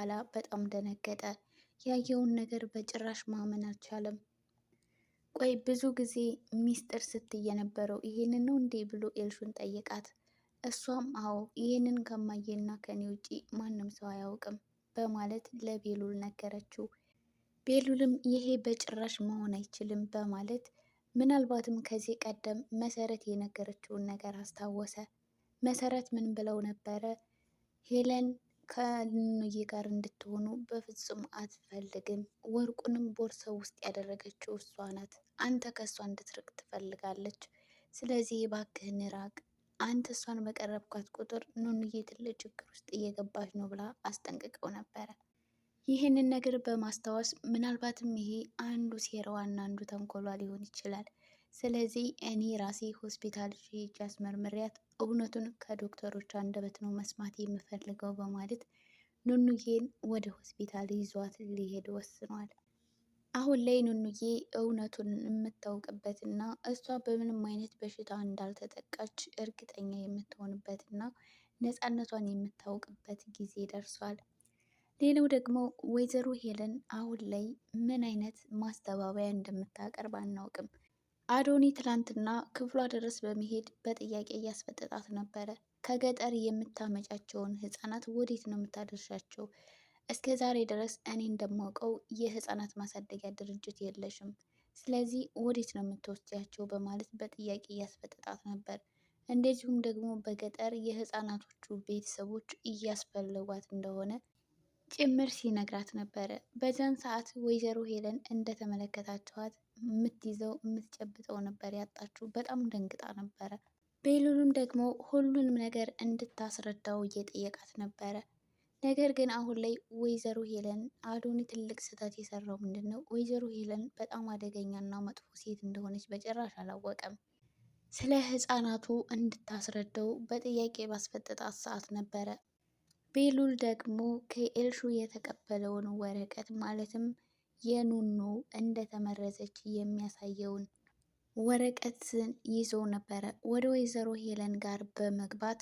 በኋላ በጣም ደነገጠ። ያየውን ነገር በጭራሽ ማመን አልቻለም። ቆይ ብዙ ጊዜ ሚስጥር ስትይ የነበረው ይሄንን ነው እንዴ ብሎ ኤልሹን ጠየቃት። እሷም አዎ ይህንን ከማየና ከኔ ውጪ ማንም ሰው አያውቅም በማለት ለቤሉል ነገረችው። ቤሉልም ይሄ በጭራሽ መሆን አይችልም በማለት ምናልባትም ከዚህ ቀደም መሰረት የነገረችውን ነገር አስታወሰ። መሰረት ምን ብለው ነበረ? ሄለን ከኑኑዬ ጋር እንድትሆኑ በፍጹም አትፈልግም። ወርቁንም ቦርሳ ውስጥ ያደረገችው እሷ ናት። አንተ ከእሷ እንድትርቅ ትፈልጋለች። ስለዚህ የባክህን ራቅ። አንተ እሷን በቀረብኳት ቁጥር ኑኑዬ ትልቅ ችግር ውስጥ እየገባች ነው ብላ አስጠንቅቀው ነበረ። ይህንን ነገር በማስታወስ ምናልባትም ይሄ አንዱ ሴራዋና አንዱ ተንኮሏ ሊሆን ይችላል። ስለዚህ እኔ ራሴ ሆስፒታል ሄጄ አስመርምሪያት እውነቱን ከዶክተሮች አንደበት ነው መስማት የምፈልገው በማለት ኑኑዬን ወደ ሆስፒታል ይዟት ሊሄድ ወስኗል። አሁን ላይ ኑኑዬ እውነቱን የምታውቅበት እና እሷ በምንም አይነት በሽታ እንዳልተጠቃች እርግጠኛ የምትሆንበት እና ነፃነቷን የምታውቅበት ጊዜ ደርሷል። ሌላው ደግሞ ወይዘሮ ሄለን አሁን ላይ ምን አይነት ማስተባበያ እንደምታቀርብ አናውቅም። አዶኒ ትላንትና ክፍሏ ድረስ በመሄድ በጥያቄ እያስፈጠጣት ነበረ። ከገጠር የምታመጫቸውን ህጻናት ወዴት ነው የምታደርሻቸው? እስከ ዛሬ ድረስ እኔ እንደማውቀው የህጻናት ማሳደጊያ ድርጅት የለሽም። ስለዚህ ወዴት ነው የምትወስጃቸው? በማለት በጥያቄ እያስፈጠጣት ነበር። እንደዚሁም ደግሞ በገጠር የህፃናቶቹ ቤተሰቦች እያስፈለጓት እንደሆነ ጭምር ሲነግራት ነበረ። በዛን ሰዓት ወይዘሮ ሄለን እንደተመለከታቸዋት የምትይዘው የምትጨብጠው ነበር ያጣችው። በጣም ደንግጣ ነበረ። ቤሉልም ደግሞ ሁሉንም ነገር እንድታስረዳው እየጠየቃት ነበረ። ነገር ግን አሁን ላይ ወይዘሮ ሄለን አዶኒ ትልቅ ስህተት የሰራው ምንድን ነው? ወይዘሮ ሄለን በጣም አደገኛ እና መጥፎ ሴት እንደሆነች በጭራሽ አላወቀም። ስለ ህፃናቱ እንድታስረዳው በጥያቄ ባስፈጠጣት ሰዓት ነበረ። ቤሉል ደግሞ ከኤልሹ የተቀበለውን ወረቀት ማለትም የኑኑ እንደተመረዘች የሚያሳየውን ወረቀትን ይዞ ነበረ። ወደ ወይዘሮ ሄለን ጋር በመግባት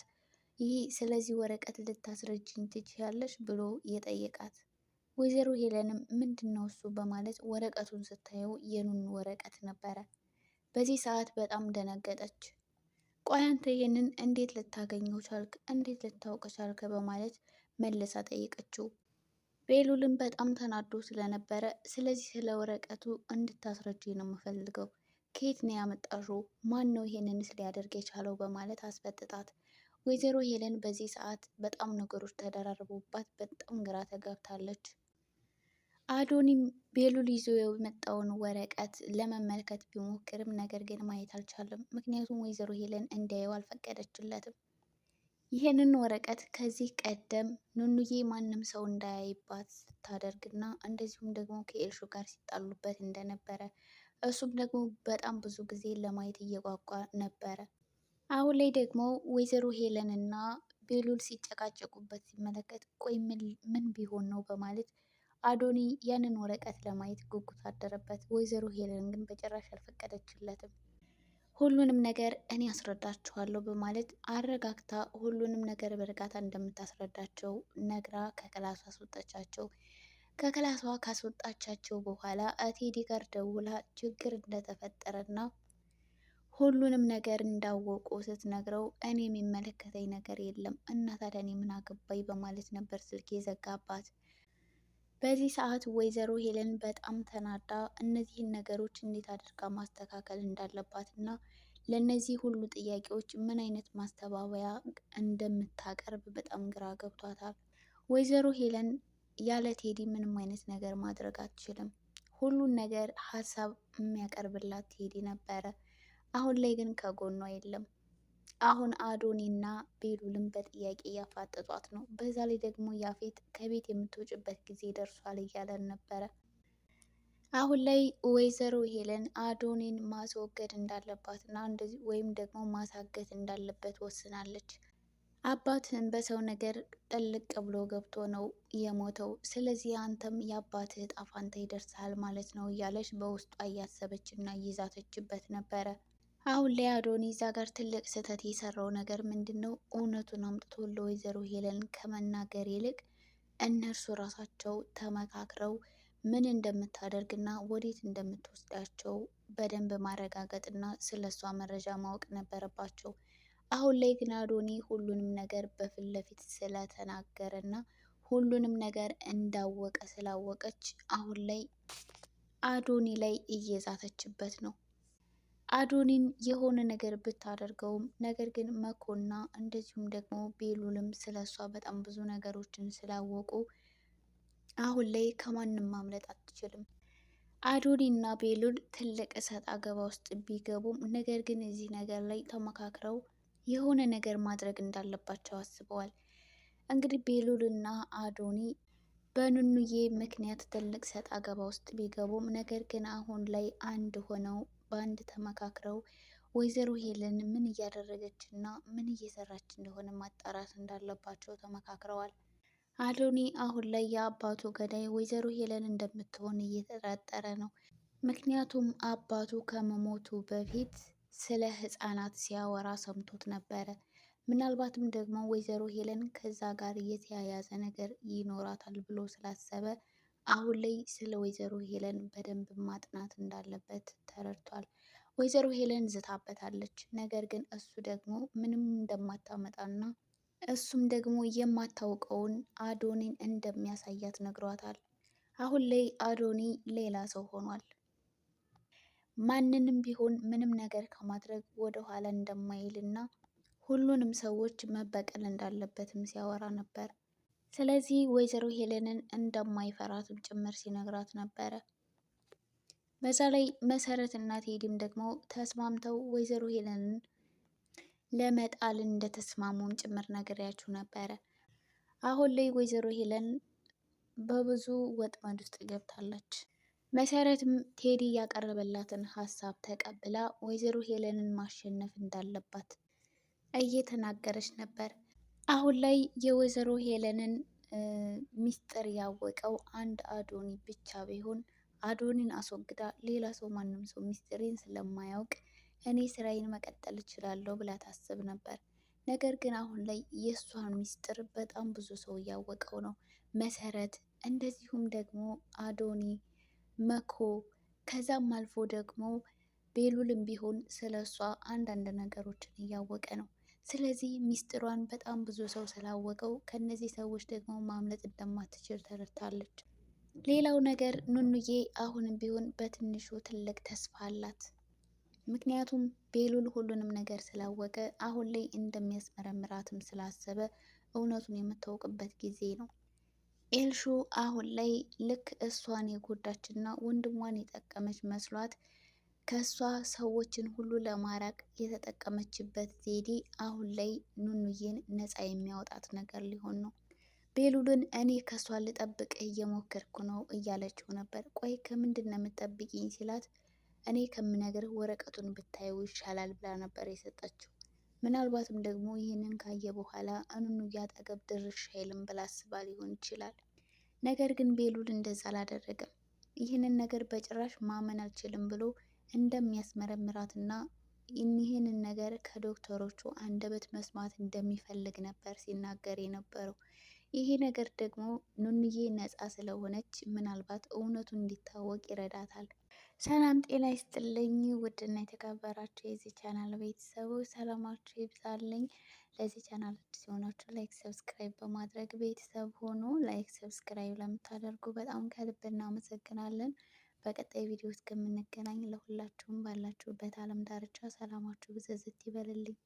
ይህ ስለዚህ ወረቀት ልታስረጅኝ ትችያለሽ ብሎ የጠየቃት ወይዘሮ ሄለንም ምንድን ነው እሱ በማለት ወረቀቱን ስታየው የኑኑ ወረቀት ነበረ። በዚህ ሰዓት በጣም ደነገጠች። ቆይ አንተ ይህንን እንዴት ልታገኘው ቻልክ? እንዴት ልታውቅ ቻልክ? በማለት መለሳ ጠየቀችው። ቤሉልም በጣም ተናዶ ስለነበረ ስለዚህ ስለ ወረቀቱ እንድታስረጁ ነው የምፈልገው። ከየት ነው ያመጣሹ? ማን ነው ይሄንንስ ሊያደርግ የቻለው? በማለት አስፈጥጣት። ወይዘሮ ሄለን በዚህ ሰዓት በጣም ነገሮች ተደራርቦባት በጣም ግራ ተጋብታለች። አዶኒም ቤሉል ይዞ የመጣውን ወረቀት ለመመልከት ቢሞክርም ነገር ግን ማየት አልቻለም። ምክንያቱም ወይዘሮ ሄለን እንዲያየው አልፈቀደችለትም። ይህንን ወረቀት ከዚህ ቀደም ኑኑዬ ማንም ሰው እንዳያይባት ስታደርግና እንደዚሁም ደግሞ ከኤልሹ ጋር ሲጣሉበት እንደነበረ እሱም ደግሞ በጣም ብዙ ጊዜ ለማየት እየጓጓ ነበረ። አሁን ላይ ደግሞ ወይዘሮ ሄለን እና ቤሉል ሲጨቃጨቁበት ሲመለከት ቆይ ምን ቢሆን ነው በማለት አዶኒ ያንን ወረቀት ለማየት ጉጉት አደረበት። ወይዘሮ ሄለን ግን በጭራሽ አልፈቀደችለትም። ሁሉንም ነገር እኔ አስረዳችኋለሁ በማለት አረጋግታ ሁሉንም ነገር በእርጋታ እንደምታስረዳቸው ነግራ ከክላሷ አስወጣቻቸው። ከክላሷ ካስወጣቻቸው በኋላ ቴዲ ጋር ደውላ ችግር እንደተፈጠረና ሁሉንም ነገር እንዳወቁ ስትነግረው እኔ የሚመለከተኝ ነገር የለም እና ታዲያ እኔ ምን አገባኝ በማለት ነበር ስልክ የዘጋባት። በዚህ ሰዓት ወይዘሮ ሄለን በጣም ተናዳ እነዚህን ነገሮች እንዴት አድርጋ ማስተካከል እንዳለባት እና ለእነዚህ ሁሉ ጥያቄዎች ምን አይነት ማስተባበያ እንደምታቀርብ በጣም ግራ ገብቷታል። ወይዘሮ ሄለን ያለ ቴዲ ምንም አይነት ነገር ማድረግ አትችልም። ሁሉን ነገር ሀሳብ የሚያቀርብላት ቴዲ ነበረ። አሁን ላይ ግን ከጎኗ የለም። አሁን አዶኒና ቤሉልም በጥያቄ እያፋጠጧት ነው። በዛ ላይ ደግሞ ያፌት ከቤት የምትወጭበት ጊዜ ደርሷል እያለን ነበረ። አሁን ላይ ወይዘሮ ሄለን አዶኒን ማስወገድ እንዳለባትና እንደዚህ ወይም ደግሞ ማሳገት እንዳለበት ወስናለች። አባትህን በሰው ነገር ጥልቅ ብሎ ገብቶ ነው የሞተው። ስለዚህ አንተም የአባትህ እጣ ይደርሳል ማለት ነው እያለች በውስጧ እያሰበች እና እየዛተችበት ነበረ። አሁን ላይ አዶኒ እዛ ጋር ትልቅ ስህተት የሰራው ነገር ምንድን ነው? እውነቱን አምጥቶ ለወይዘሮ ሄለን ከመናገር ይልቅ እነርሱ ራሳቸው ተመካክረው ምን እንደምታደርግና ወዴት እንደምትወስዳቸው በደንብ ማረጋገጥና ስለ እሷ መረጃ ማወቅ ነበረባቸው። አሁን ላይ ግን አዶኒ ሁሉንም ነገር በፊት ለፊት ስለተናገረና ሁሉንም ነገር እንዳወቀ ስላወቀች አሁን ላይ አዶኒ ላይ እየዛተችበት ነው። አዶኒን የሆነ ነገር ብታደርገውም ነገር ግን መኮና እንደዚሁም ደግሞ ቤሉልም ስለሷ በጣም ብዙ ነገሮችን ስላወቁ አሁን ላይ ከማንም ማምለጥ አትችልም። አዶኒ እና ቤሉል ትልቅ እሰጥ አገባ ውስጥ ቢገቡም ነገር ግን እዚህ ነገር ላይ ተመካክረው የሆነ ነገር ማድረግ እንዳለባቸው አስበዋል። እንግዲህ ቤሉል እና አዶኒ በኑኑዬ ምክንያት ትልቅ እሰጥ አገባ ውስጥ ቢገቡም ነገር ግን አሁን ላይ አንድ ሆነው በአንድ ተመካክረው ወይዘሮ ሄለን ምን እያደረገች እና ምን እየሰራች እንደሆነ ማጣራት እንዳለባቸው ተመካክረዋል። አዶኒ አሁን ላይ የአባቱ ገዳይ ወይዘሮ ሄለን እንደምትሆን እየተጠራጠረ ነው። ምክንያቱም አባቱ ከመሞቱ በፊት ስለ ህፃናት ሲያወራ ሰምቶት ነበረ። ምናልባትም ደግሞ ወይዘሮ ሄለን ከዛ ጋር የተያያዘ ነገር ይኖራታል ብሎ ስላሰበ አሁን ላይ ስለ ወይዘሮ ሄለን በደንብ ማጥናት እንዳለበት ተረድቷል። ወይዘሮ ሄለን ዝታበታለች። ነገር ግን እሱ ደግሞ ምንም እንደማታመጣና እሱም ደግሞ የማታውቀውን አዶኒን እንደሚያሳያት ነግሯታል። አሁን ላይ አዶኒ ሌላ ሰው ሆኗል። ማንንም ቢሆን ምንም ነገር ከማድረግ ወደኋላ እንደማይልና ሁሉንም ሰዎች መበቀል እንዳለበትም ሲያወራ ነበር። ስለዚህ ወይዘሮ ሄለንን እንደማይፈራትም ጭምር ሲነግራት ነበረ። በዛ ላይ መሰረት እና ቴዲም ደግሞ ተስማምተው ወይዘሮ ሄለንን ለመጣል እንደተስማሙም ጭምር ነግሬያችሁ ነበረ። አሁን ላይ ወይዘሮ ሄለን በብዙ ወጥመድ ውስጥ ገብታለች። መሰረትም ቴዲ ያቀረበላትን ሀሳብ ተቀብላ ወይዘሮ ሄለንን ማሸነፍ እንዳለባት እየተናገረች ነበር። አሁን ላይ የወይዘሮ ሄለንን ሚስጥር ያወቀው አንድ አዶኒ ብቻ ቢሆን አዶኒን አስወግዳ ሌላ ሰው ማንም ሰው ሚስጥሬን ስለማያውቅ እኔ ስራዬን መቀጠል እችላለሁ ብላ ታስብ ነበር። ነገር ግን አሁን ላይ የእሷን ሚስጥር በጣም ብዙ ሰው እያወቀው ነው። መሰረት፣ እንደዚሁም ደግሞ አዶኒ መኮ፣ ከዛም አልፎ ደግሞ ቤሉልም ቢሆን ስለ እሷ አንዳንድ ነገሮችን እያወቀ ነው። ስለዚህ ሚስጥሯን በጣም ብዙ ሰው ስላወቀው ከእነዚህ ሰዎች ደግሞ ማምለጥ እንደማትችል ተረድታለች። ሌላው ነገር ኑኑዬ አሁንም ቢሆን በትንሹ ትልቅ ተስፋ አላት። ምክንያቱም ቤሉል ሁሉንም ነገር ስላወቀ አሁን ላይ እንደሚያስመረምራትም ስላሰበ እውነቱን የምታውቅበት ጊዜ ነው። ኤልሹ አሁን ላይ ልክ እሷን የጎዳችና ወንድሟን የጠቀመች መስሏት ከእሷ ሰዎችን ሁሉ ለማራቅ የተጠቀመችበት ዘዴ አሁን ላይ ኑኑዬን ነፃ የሚያወጣት ነገር ሊሆን ነው። ቤሉልን እኔ ከእሷ ልጠብቅህ እየሞከርኩ ነው እያለችው ነበር። ቆይ ከምንድን ነው የምጠብቅኝ ሲላት እኔ ከምነግርህ ወረቀቱን ብታየው ይሻላል ብላ ነበር የሰጠችው። ምናልባትም ደግሞ ይህንን ካየ በኋላ ኑኑዬ አጠገብ ድርሽ አይልም ብላ አስባ ሊሆን ይችላል። ነገር ግን ቤሉል እንደዛ አላደረገም። ይህንን ነገር በጭራሽ ማመን አልችልም ብሎ እንደሚያስመረምራትና ይህንን ነገር ከዶክተሮቹ አንደበት መስማት እንደሚፈልግ ነበር ሲናገር የነበረው። ይሄ ነገር ደግሞ ኑንዬ ነፃ ስለሆነች ምናልባት እውነቱ እንዲታወቅ ይረዳታል። ሰላም ጤና ይስጥልኝ። ውድና የተከበራችሁ የዚህ ቻናል ቤተሰቡ ሰላማችሁ ይብዛልኝ። ለዚህ ቻናል አዲስ የሆናችሁ ላይክ፣ ሰብስክራይብ በማድረግ ቤተሰብ ሆኖ ላይክ፣ ሰብስክራይብ ለምታደርጉ በጣም ከልብ እናመሰግናለን። በቀጣይ ቪዲዮ እስከምንገናኝ ለሁላችሁም ባላችሁበት ዓለም ዳርቻ ሰላማችሁ ብዝዝት ይበልልኝ።